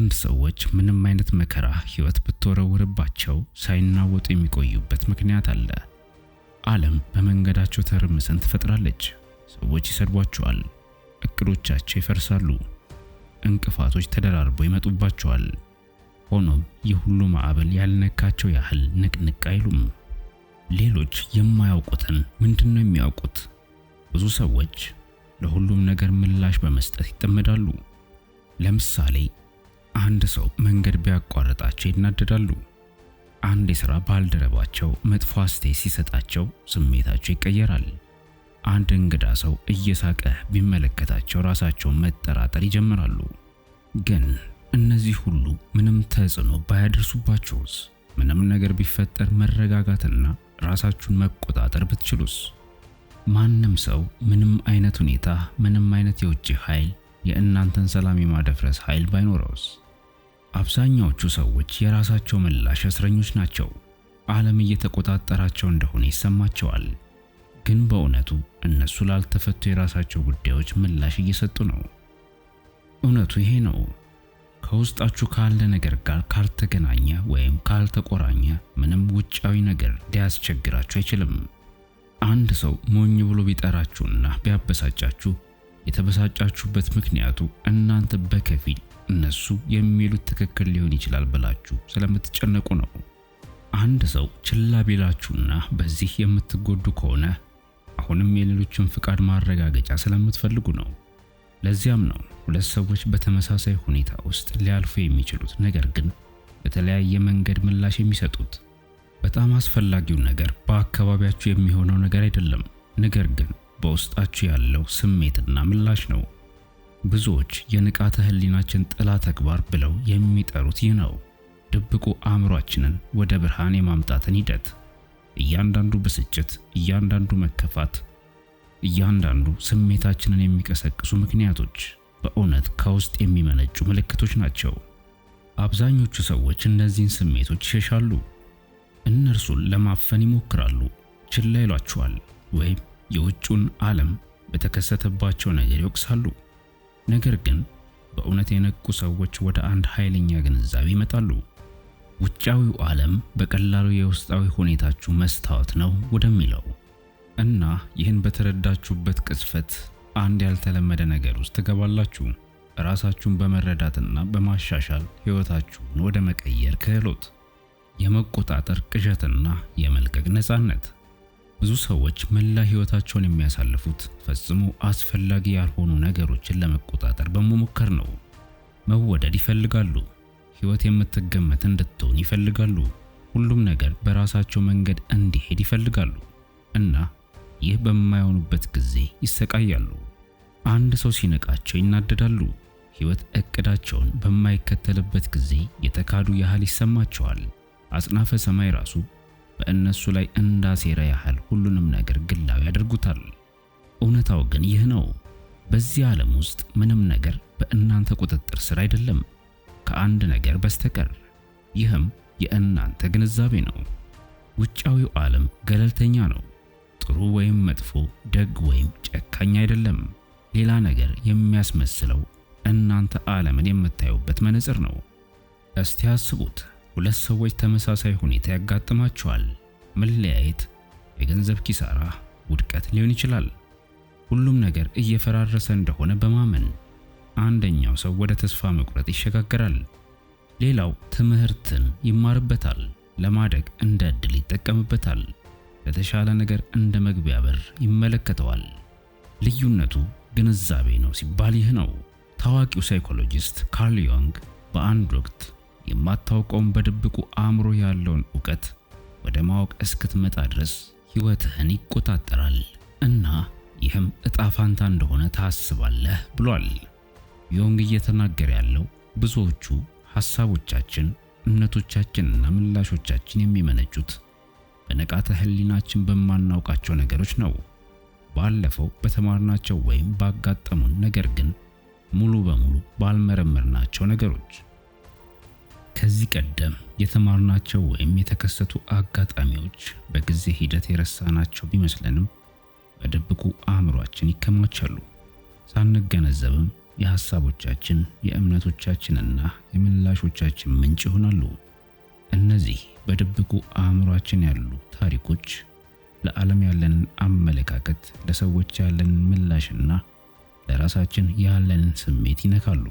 አንዳንድ ሰዎች ምንም አይነት መከራ ህይወት ብትወረውርባቸው ሳይናወጡ የሚቆዩበት ምክንያት አለ። ዓለም በመንገዳቸው ተርምሰን ትፈጥራለች። ሰዎች ይሰድቧቸዋል፣ እቅዶቻቸው ይፈርሳሉ፣ እንቅፋቶች ተደራርበው ይመጡባቸዋል። ሆኖም ይህ ሁሉ ማዕበል ያልነካቸው ያህል ንቅንቅ አይሉም። ሌሎች የማያውቁትን ምንድን ነው የሚያውቁት? ብዙ ሰዎች ለሁሉም ነገር ምላሽ በመስጠት ይጠመዳሉ። ለምሳሌ አንድ ሰው መንገድ ቢያቋርጣቸው ይናደዳሉ። አንድ የሥራ ባልደረባቸው መጥፎ አስተያየት ሲሰጣቸው ስሜታቸው ይቀየራል። አንድ እንግዳ ሰው እየሳቀ ቢመለከታቸው ራሳቸውን መጠራጠር ይጀምራሉ። ግን እነዚህ ሁሉ ምንም ተጽዕኖ ባያደርሱባችሁስ? ምንም ነገር ቢፈጠር መረጋጋትና ራሳችሁን መቆጣጠር ብትችሉስ? ማንም ሰው ምንም አይነት ሁኔታ፣ ምንም አይነት የውጭ ኃይል የእናንተን ሰላም የማደፍረስ ኃይል ባይኖረውስ? አብዛኛዎቹ ሰዎች የራሳቸው ምላሽ እስረኞች ናቸው። ዓለም እየተቆጣጠራቸው እንደሆነ ይሰማቸዋል። ግን በእውነቱ እነሱ ላልተፈቱ የራሳቸው ጉዳዮች ምላሽ እየሰጡ ነው። እውነቱ ይሄ ነው። ከውስጣችሁ ካለ ነገር ጋር ካልተገናኘ ወይም ካልተቆራኘ ምንም ውጫዊ ነገር ሊያስቸግራችሁ አይችልም። አንድ ሰው ሞኝ ብሎ ቢጠራችሁና ቢያበሳጫችሁ የተበሳጫችሁበት ምክንያቱ እናንተ በከፊል እነሱ የሚሉት ትክክል ሊሆን ይችላል ብላችሁ ስለምትጨነቁ ነው። አንድ ሰው ችላ ቢላችሁና በዚህ የምትጎዱ ከሆነ አሁንም የሌሎችን ፍቃድ ማረጋገጫ ስለምትፈልጉ ነው። ለዚያም ነው ሁለት ሰዎች በተመሳሳይ ሁኔታ ውስጥ ሊያልፉ የሚችሉት ነገር ግን በተለያየ መንገድ ምላሽ የሚሰጡት። በጣም አስፈላጊው ነገር በአካባቢያችሁ የሚሆነው ነገር አይደለም፣ ነገር ግን በውስጣችሁ ያለው ስሜትና ምላሽ ነው። ብዙዎች የንቃተ ህሊናችን ጥላ ተግባር ብለው የሚጠሩት ይህ ነው። ድብቁ አእምሯችንን ወደ ብርሃን የማምጣትን ሂደት። እያንዳንዱ ብስጭት፣ እያንዳንዱ መከፋት፣ እያንዳንዱ ስሜታችንን የሚቀሰቅሱ ምክንያቶች በእውነት ከውስጥ የሚመነጩ ምልክቶች ናቸው። አብዛኞቹ ሰዎች እነዚህን ስሜቶች ይሸሻሉ፣ እነርሱን ለማፈን ይሞክራሉ፣ ችላ ይሏቸዋል ወይም የውጩን ዓለም በተከሰተባቸው ነገር ይወቅሳሉ። ነገር ግን በእውነት የነቁ ሰዎች ወደ አንድ ኃይለኛ ግንዛቤ ይመጣሉ። ውጫዊው ዓለም በቀላሉ የውስጣዊ ሁኔታችሁ መስታወት ነው ወደሚለው እና ይህን በተረዳችሁበት ቅጽበት አንድ ያልተለመደ ነገር ውስጥ ትገባላችሁ። ራሳችሁን በመረዳትና በማሻሻል ሕይወታችሁን ወደ መቀየር ክህሎት፣ የመቆጣጠር ቅዠትና የመልቀቅ ነፃነት ብዙ ሰዎች መላ ህይወታቸውን የሚያሳልፉት ፈጽሞ አስፈላጊ ያልሆኑ ነገሮችን ለመቆጣጠር በመሞከር ነው። መወደድ ይፈልጋሉ። ህይወት የምትገመት እንድትሆን ይፈልጋሉ። ሁሉም ነገር በራሳቸው መንገድ እንዲሄድ ይፈልጋሉ እና ይህ በማይሆኑበት ጊዜ ይሰቃያሉ። አንድ ሰው ሲነቃቸው ይናደዳሉ። ህይወት እቅዳቸውን በማይከተልበት ጊዜ የተካዱ ያህል ይሰማቸዋል። አጽናፈ ሰማይ ራሱ በእነሱ ላይ እንዳሴረ ያህል ሁሉንም ነገር ግላዊ ያደርጉታል። እውነታው ግን ይህ ነው። በዚህ ዓለም ውስጥ ምንም ነገር በእናንተ ቁጥጥር ስር አይደለም ከአንድ ነገር በስተቀር። ይህም የእናንተ ግንዛቤ ነው። ውጫዊው ዓለም ገለልተኛ ነው። ጥሩ ወይም መጥፎ፣ ደግ ወይም ጨካኝ አይደለም። ሌላ ነገር የሚያስመስለው እናንተ ዓለምን የምታዩበት መነጽር ነው። እስቲ አስቡት። ሁለት ሰዎች ተመሳሳይ ሁኔታ ያጋጥማቸዋል። መለያየት፣ የገንዘብ ኪሳራ፣ ውድቀት ሊሆን ይችላል። ሁሉም ነገር እየፈራረሰ እንደሆነ በማመን አንደኛው ሰው ወደ ተስፋ መቁረጥ ይሸጋገራል። ሌላው ትምህርትን ይማርበታል፣ ለማደግ እንደ ዕድል ይጠቀምበታል፣ ለተሻለ ነገር እንደ መግቢያ በር ይመለከተዋል። ልዩነቱ ግንዛቤ ነው ሲባል ይህ ነው። ታዋቂው ሳይኮሎጂስት ካርል ዮንግ በአንድ ወቅት የማታውቀውን በድብቁ አእምሮ ያለውን እውቀት ወደ ማወቅ እስክትመጣ ድረስ ሕይወትህን ይቆጣጠራል እና ይህም እጣ ፋንታ እንደሆነ ታስባለህ ብሏል። ዮንግ እየተናገረ ያለው ብዙዎቹ ሐሳቦቻችን፣ እምነቶቻችንና ምላሾቻችን የሚመነጩት በንቃተ ህሊናችን በማናውቃቸው ነገሮች ነው። ባለፈው በተማርናቸው ወይም ባጋጠሙን ነገር ግን ሙሉ በሙሉ ባልመረመርናቸው ነገሮች ከዚህ ቀደም የተማርናቸው ወይም የተከሰቱ አጋጣሚዎች በጊዜ ሂደት የረሳናቸው ቢመስለንም በድብቁ አእምሯችን ይከማቻሉ። ሳንገነዘብም የሐሳቦቻችን የእምነቶቻችንና የምላሾቻችን ምንጭ ይሆናሉ። እነዚህ በድብቁ አእምሯችን ያሉ ታሪኮች ለዓለም ያለንን አመለካከት፣ ለሰዎች ያለንን ምላሽና ለራሳችን ያለንን ስሜት ይነካሉ።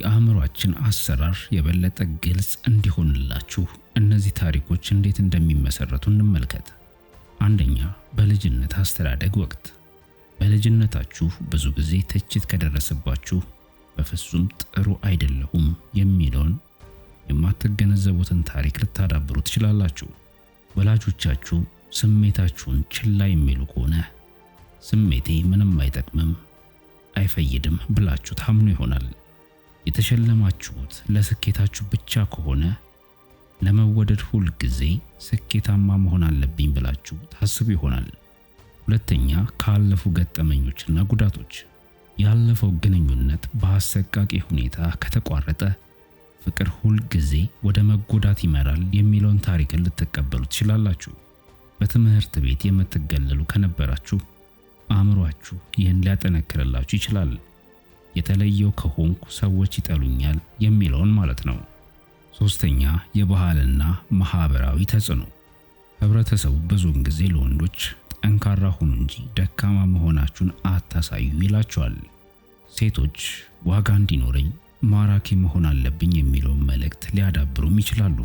የአእምሯችን አሰራር የበለጠ ግልጽ እንዲሆንላችሁ እነዚህ ታሪኮች እንዴት እንደሚመሰረቱ እንመልከት። አንደኛ፣ በልጅነት አስተዳደግ ወቅት። በልጅነታችሁ ብዙ ጊዜ ትችት ከደረሰባችሁ በፍጹም ጥሩ አይደለሁም የሚለውን የማትገነዘቡትን ታሪክ ልታዳብሩ ትችላላችሁ። ወላጆቻችሁ ስሜታችሁን ችላ የሚሉ ከሆነ ስሜቴ ምንም አይጠቅምም፣ አይፈይድም ብላችሁ ታምኑ ይሆናል። የተሸለማችሁት ለስኬታችሁ ብቻ ከሆነ ለመወደድ ሁል ጊዜ ስኬታማ መሆን አለብኝ ብላችሁ ታስቡ ይሆናል። ሁለተኛ፣ ካለፉ ገጠመኞችና ጉዳቶች። ያለፈው ግንኙነት በአሰቃቂ ሁኔታ ከተቋረጠ ፍቅር ሁል ጊዜ ወደ መጎዳት ይመራል የሚለውን ታሪክን ልትቀበሉ ትችላላችሁ። በትምህርት ቤት የምትገለሉ ከነበራችሁ አእምሯችሁ ይህን ሊያጠነክርላችሁ ይችላል። የተለየው ከሆንኩ ሰዎች ይጠሉኛል የሚለውን ማለት ነው። ሶስተኛ የባህልና ማህበራዊ ተጽዕኖ። ህብረተሰቡ ብዙውን ጊዜ ለወንዶች ጠንካራ ሁኑ እንጂ ደካማ መሆናችሁን አታሳዩ ይላቸዋል። ሴቶች ዋጋ እንዲኖረኝ ማራኪ መሆን አለብኝ የሚለውን መልእክት ሊያዳብሩም ይችላሉ።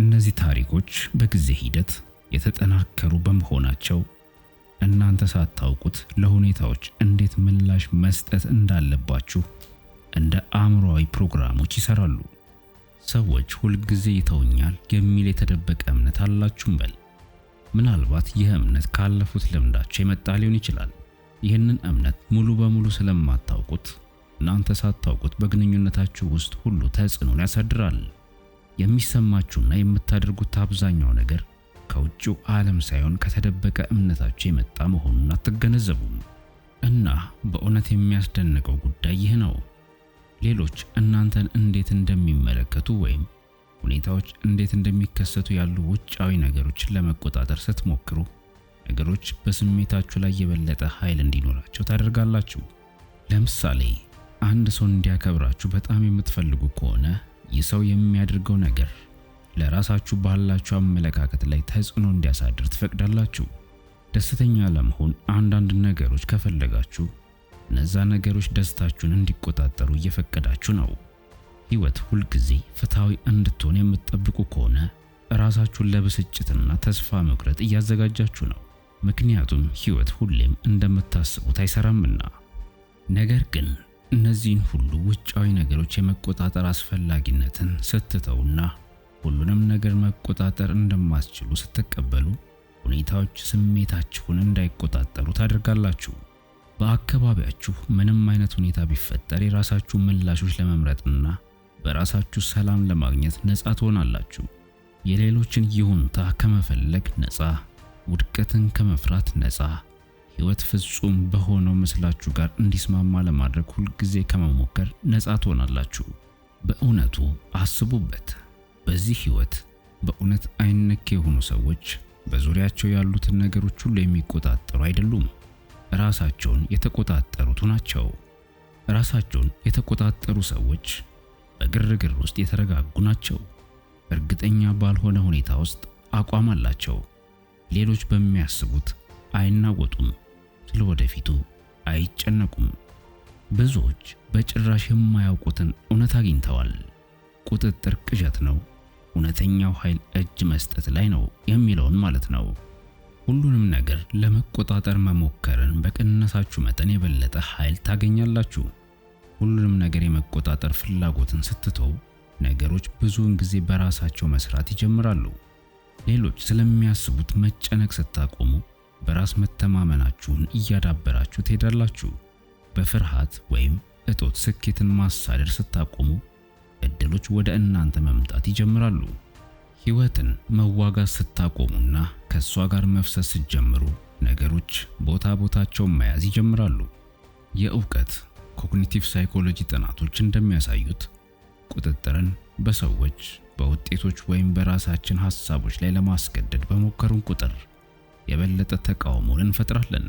እነዚህ ታሪኮች በጊዜ ሂደት የተጠናከሩ በመሆናቸው እናንተ ሳታውቁት ለሁኔታዎች እንዴት ምላሽ መስጠት እንዳለባችሁ እንደ አእምሯዊ ፕሮግራሞች ይሰራሉ። ሰዎች ሁልጊዜ ይተውኛል የሚል የተደበቀ እምነት አላችሁም በል። ምናልባት ይህ እምነት ካለፉት ልምዳቸው የመጣ ሊሆን ይችላል። ይህንን እምነት ሙሉ በሙሉ ስለማታውቁት እናንተ ሳታውቁት በግንኙነታችሁ ውስጥ ሁሉ ተጽዕኖን ያሳድራል። የሚሰማችሁና የምታደርጉት አብዛኛው ነገር ከውጭው ዓለም ሳይሆን ከተደበቀ እምነታቸው የመጣ መሆኑን አትገነዘቡም። እና በእውነት የሚያስደንቀው ጉዳይ ይህ ነው። ሌሎች እናንተን እንዴት እንደሚመለከቱ ወይም ሁኔታዎች እንዴት እንደሚከሰቱ ያሉ ውጫዊ ነገሮችን ለመቆጣጠር ስትሞክሩ ነገሮች በስሜታችሁ ላይ የበለጠ ኃይል እንዲኖራቸው ታደርጋላችሁ። ለምሳሌ አንድ ሰው እንዲያከብራችሁ በጣም የምትፈልጉ ከሆነ ይህ ሰው የሚያደርገው ነገር ለራሳችሁ ባላችሁ አመለካከት ላይ ተጽዕኖ እንዲያሳድር ትፈቅዳላችሁ። ደስተኛ ለመሆን አንዳንድ ነገሮች ከፈለጋችሁ እነዛ ነገሮች ደስታችሁን እንዲቆጣጠሩ እየፈቀዳችሁ ነው። ህይወት ሁልጊዜ ፍትሃዊ እንድትሆን የምትጠብቁ ከሆነ ራሳችሁን ለብስጭትና ተስፋ መቁረጥ እያዘጋጃችሁ ነው። ምክንያቱም ህይወት ሁሌም እንደምታስቡት አይሰራምና። ነገር ግን እነዚህን ሁሉ ውጫዊ ነገሮች የመቆጣጠር አስፈላጊነትን ስትተውና ሁሉንም ነገር መቆጣጠር እንደማስችሉ ስትቀበሉ ሁኔታዎች ስሜታችሁን እንዳይቆጣጠሩ ታደርጋላችሁ። በአካባቢያችሁ ምንም አይነት ሁኔታ ቢፈጠር የራሳችሁ ምላሾች ለመምረጥና በራሳችሁ ሰላም ለማግኘት ነፃ ትሆናላችሁ። የሌሎችን ይሁንታ ከመፈለግ ነፃ፣ ውድቀትን ከመፍራት ነፃ፣ ሕይወት ፍጹም በሆነው ምስላችሁ ጋር እንዲስማማ ለማድረግ ሁልጊዜ ከመሞከር ነፃ ትሆናላችሁ። በእውነቱ አስቡበት። በዚህ ህይወት በእውነት አይነክ የሆኑ ሰዎች በዙሪያቸው ያሉትን ነገሮች ሁሉ የሚቆጣጠሩ አይደሉም። ራሳቸውን የተቆጣጠሩት ናቸው። ራሳቸውን የተቆጣጠሩ ሰዎች በግርግር ውስጥ የተረጋጉ ናቸው። እርግጠኛ ባልሆነ ሁኔታ ውስጥ አቋም አላቸው። ሌሎች በሚያስቡት አይናወጡም። ስለ ወደፊቱ አይጨነቁም። ብዙዎች በጭራሽ የማያውቁትን እውነት አግኝተዋል። ቁጥጥር ቅዠት ነው እውነተኛው ኃይል እጅ መስጠት ላይ ነው የሚለውን ማለት ነው። ሁሉንም ነገር ለመቆጣጠር መሞከርን በቅንነታችሁ መጠን የበለጠ ኃይል ታገኛላችሁ። ሁሉንም ነገር የመቆጣጠር ፍላጎትን ስትተው ነገሮች ብዙውን ጊዜ በራሳቸው መስራት ይጀምራሉ። ሌሎች ስለሚያስቡት መጨነቅ ስታቆሙ በራስ መተማመናችሁን እያዳበራችሁ ትሄዳላችሁ። በፍርሃት ወይም እጦት ስኬትን ማሳደድ ስታቆሙ እድሎች ወደ እናንተ መምጣት ይጀምራሉ። ህይወትን መዋጋት ስታቆሙና ከእሷ ጋር መፍሰስ ስትጀምሩ ነገሮች ቦታ ቦታቸውን መያዝ ይጀምራሉ። የእውቀት ኮግኒቲቭ ሳይኮሎጂ ጥናቶች እንደሚያሳዩት ቁጥጥርን በሰዎች በውጤቶች ወይም በራሳችን ሐሳቦች ላይ ለማስገደድ በሞከሩን ቁጥር የበለጠ ተቃውሞን እንፈጥራለን።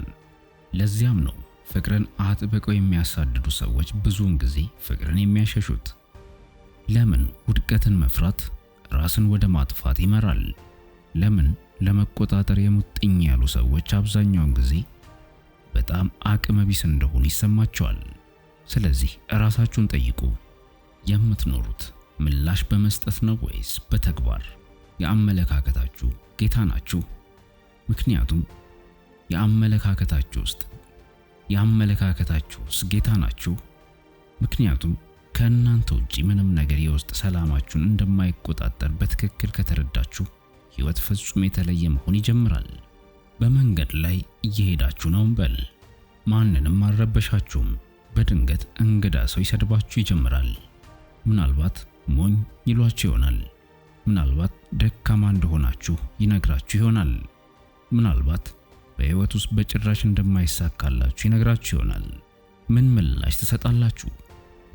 ለዚያም ነው ፍቅርን አጥብቀው የሚያሳድዱ ሰዎች ብዙውን ጊዜ ፍቅርን የሚያሸሹት። ለምን ውድቀትን መፍራት ራስን ወደ ማጥፋት ይመራል? ለምን ለመቆጣጠር የሙጥኝ ያሉ ሰዎች አብዛኛውን ጊዜ በጣም አቅመ ቢስ እንደሆኑ ይሰማቸዋል። ስለዚህ ራሳችሁን ጠይቁ። የምትኖሩት ምላሽ በመስጠት ነው ወይስ በተግባር? የአመለካከታችሁ ጌታ ናችሁ። ምክንያቱም የአመለካከታችሁ ውስጥ የአመለካከታችሁስ ጌታ ናችሁ። ምክንያቱም ከእናንተ ውጪ ምንም ነገር የውስጥ ሰላማችሁን እንደማይቆጣጠር በትክክል ከተረዳችሁ ህይወት ፍጹም የተለየ መሆን ይጀምራል። በመንገድ ላይ እየሄዳችሁ ነው በል። ማንንም አልረበሻችሁም። በድንገት እንግዳ ሰው ይሰድባችሁ ይጀምራል። ምናልባት ሞኝ ይሏችሁ ይሆናል። ምናልባት ደካማ እንደሆናችሁ ይነግራችሁ ይሆናል። ምናልባት በህይወት ውስጥ በጭራሽ እንደማይሳካላችሁ ይነግራችሁ ይሆናል። ምን ምላሽ ትሰጣላችሁ?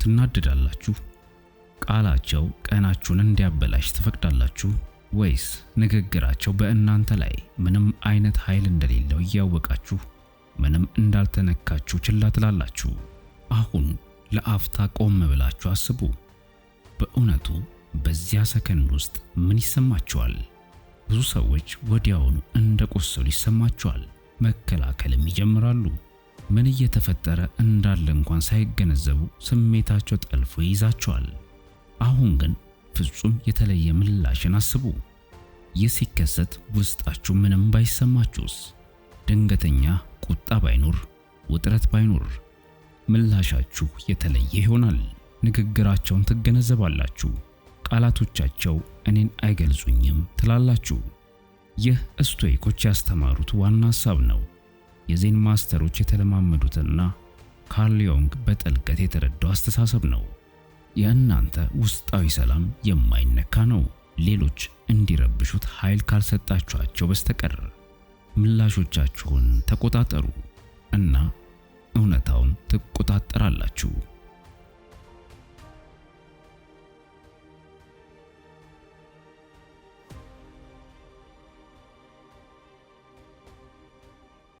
ትናደዳላችሁ? ቃላቸው ቀናችሁን እንዲያበላሽ ትፈቅዳላችሁ? ወይስ ንግግራቸው በእናንተ ላይ ምንም አይነት ኃይል እንደሌለው እያወቃችሁ ምንም እንዳልተነካችሁ ችላ ትላላችሁ? አሁን ለአፍታ ቆም ብላችሁ አስቡ። በእውነቱ በዚያ ሰከንድ ውስጥ ምን ይሰማችኋል? ብዙ ሰዎች ወዲያውኑ እንደ ቆሰሉ ይሰማቸዋል። መከላከልም ይጀምራሉ። ምን እየተፈጠረ እንዳለ እንኳን ሳይገነዘቡ ስሜታቸው ጠልፎ ይይዛቸዋል። አሁን ግን ፍጹም የተለየ ምላሽን አስቡ። ይህ ሲከሰት ውስጣችሁ ምንም ባይሰማችሁስ? ድንገተኛ ቁጣ ባይኖር፣ ውጥረት ባይኖር፣ ምላሻችሁ የተለየ ይሆናል። ንግግራቸውን ትገነዘባላችሁ። ቃላቶቻቸው እኔን አይገልጹኝም ትላላችሁ። ይህ እስቶይኮች ያስተማሩት ዋና ሐሳብ ነው። የዜን ማስተሮች የተለማመዱትና ካርል ዮንግ በጥልቀት የተረዳው አስተሳሰብ ነው። የእናንተ ውስጣዊ ሰላም የማይነካ ነው፣ ሌሎች እንዲረብሹት ኃይል ካልሰጣችኋቸው በስተቀር። ምላሾቻችሁን ተቆጣጠሩ እና እውነታውን ትቆጣጠራላችሁ።